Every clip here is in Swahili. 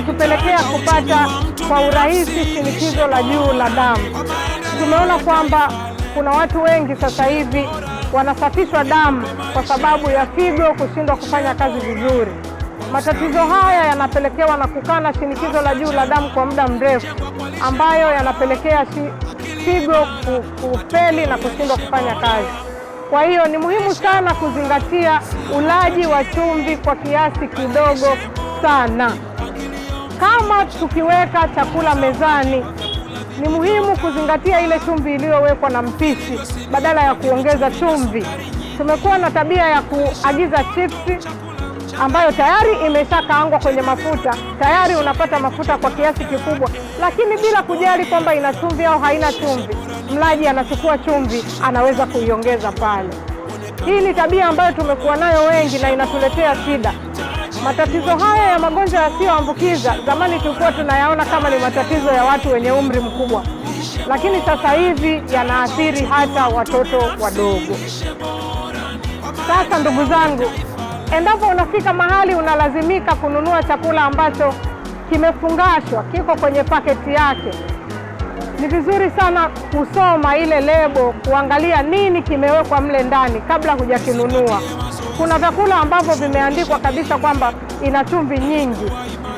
inatupelekea kupata kwa urahisi shinikizo la juu la damu. Tumeona kwamba kuna watu wengi sasa hivi wanasafishwa damu kwa sababu ya figo kushindwa kufanya kazi vizuri. Matatizo haya yanapelekewa na kukaa na shinikizo la juu la damu kwa muda mrefu, ambayo yanapelekea figo kufeli na kushindwa kufanya kazi. Kwa hiyo ni muhimu sana kuzingatia ulaji wa chumvi kwa kiasi kidogo sana. Kama tukiweka chakula mezani, ni muhimu kuzingatia ile chumvi iliyowekwa na mpishi badala ya kuongeza chumvi. Tumekuwa na tabia ya kuagiza chipsi ambayo tayari imeshakaangwa kwenye mafuta, tayari unapata mafuta kwa kiasi kikubwa, lakini bila kujali kwamba ina chumvi au haina chumvi. Mlaji anachukua chumvi, anaweza kuiongeza pale. Hii ni tabia ambayo tumekuwa nayo wengi na inatuletea shida. Matatizo haya ya magonjwa yasiyoambukiza zamani tulikuwa tunayaona kama ni matatizo ya watu wenye umri mkubwa, lakini sasa hivi yanaathiri hata watoto wadogo. Sasa ndugu zangu, endapo unafika mahali unalazimika kununua chakula ambacho kimefungashwa, kiko kwenye paketi yake, ni vizuri sana kusoma ile lebo, kuangalia nini kimewekwa mle ndani kabla hujakinunua. Kuna vyakula ambavyo vimeandikwa kabisa kwamba ina chumvi nyingi.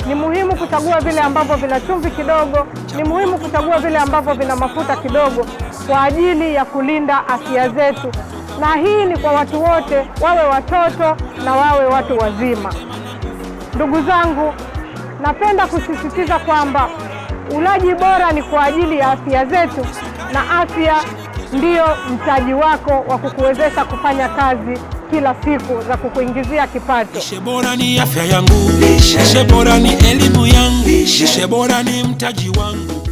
Ni muhimu kuchagua vile ambavyo vina chumvi kidogo, ni muhimu kuchagua vile ambavyo vina mafuta kidogo kwa ajili ya kulinda afya zetu, na hii ni kwa watu wote, wawe watoto na wawe watu wazima. Ndugu zangu, napenda kusisitiza kwamba ulaji bora ni kwa ajili ya afya zetu, na afya ndiyo mtaji wako wa kukuwezesha kufanya kazi kila siku za kukuingizia kipato. Lishe bora ni afya yangu, lishe bora ni elimu yangu, lishe bora ni mtaji wangu.